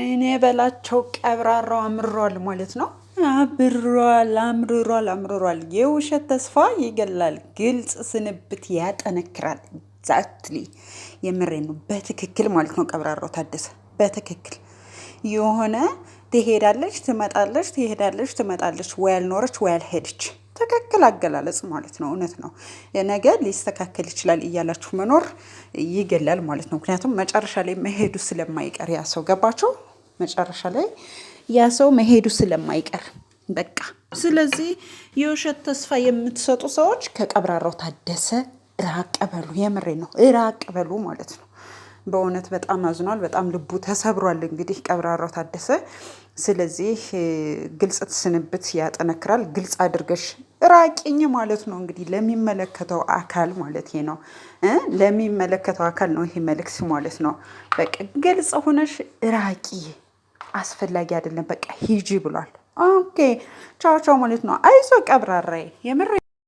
ወይኔ በላቸው ቀብራራው አምርሯል ማለት ነው። አብሯል፣ አምርሯል፣ አምርሯል። የውሸት ተስፋ ይገላል፣ ግልጽ ስንብት ያጠነክራል። ዛትሊ የምሬ ነው። በትክክል ማለት ነው። ቀብራራው ታደሰ በትክክል የሆነ ትሄዳለች፣ ትመጣለች፣ ትሄዳለች፣ ትመጣለች፣ ወይ አልኖረች ወይ አልሄደች። ትክክል አገላለጽ ማለት ነው። እውነት ነው። ነገ ሊስተካከል ይችላል እያላችሁ መኖር ይገላል ማለት ነው። ምክንያቱም መጨረሻ ላይ መሄዱ ስለማይቀር ያ ሰው መጨረሻ ላይ ያ ሰው መሄዱ ስለማይቀር በቃ። ስለዚህ የውሸት ተስፋ የምትሰጡ ሰዎች ከቀብራራው ታደሰ ራቅ በሉ። የምሬ ነው፣ ራቅ በሉ ማለት ነው። በእውነት በጣም አዝኗል። በጣም ልቡ ተሰብሯል። እንግዲህ ቀብራራው ታደሰ። ስለዚህ ግልጽ ስንብት ያጠነክራል። ግልጽ አድርገሽ ራቂኝ ማለት ነው እንግዲህ ለሚመለከተው አካል ማለት ነው፣ ለሚመለከተው አካል ነው ይሄ መልእክት ማለት ነው። በቃ ግልጽ ሆነሽ ራቂ። አስፈላጊ አይደለም፣ በቃ ሂጂ ብሏል። ኦኬ ቻው ቻው ማለት ነው። አይዞ ቀብራራዬ የምር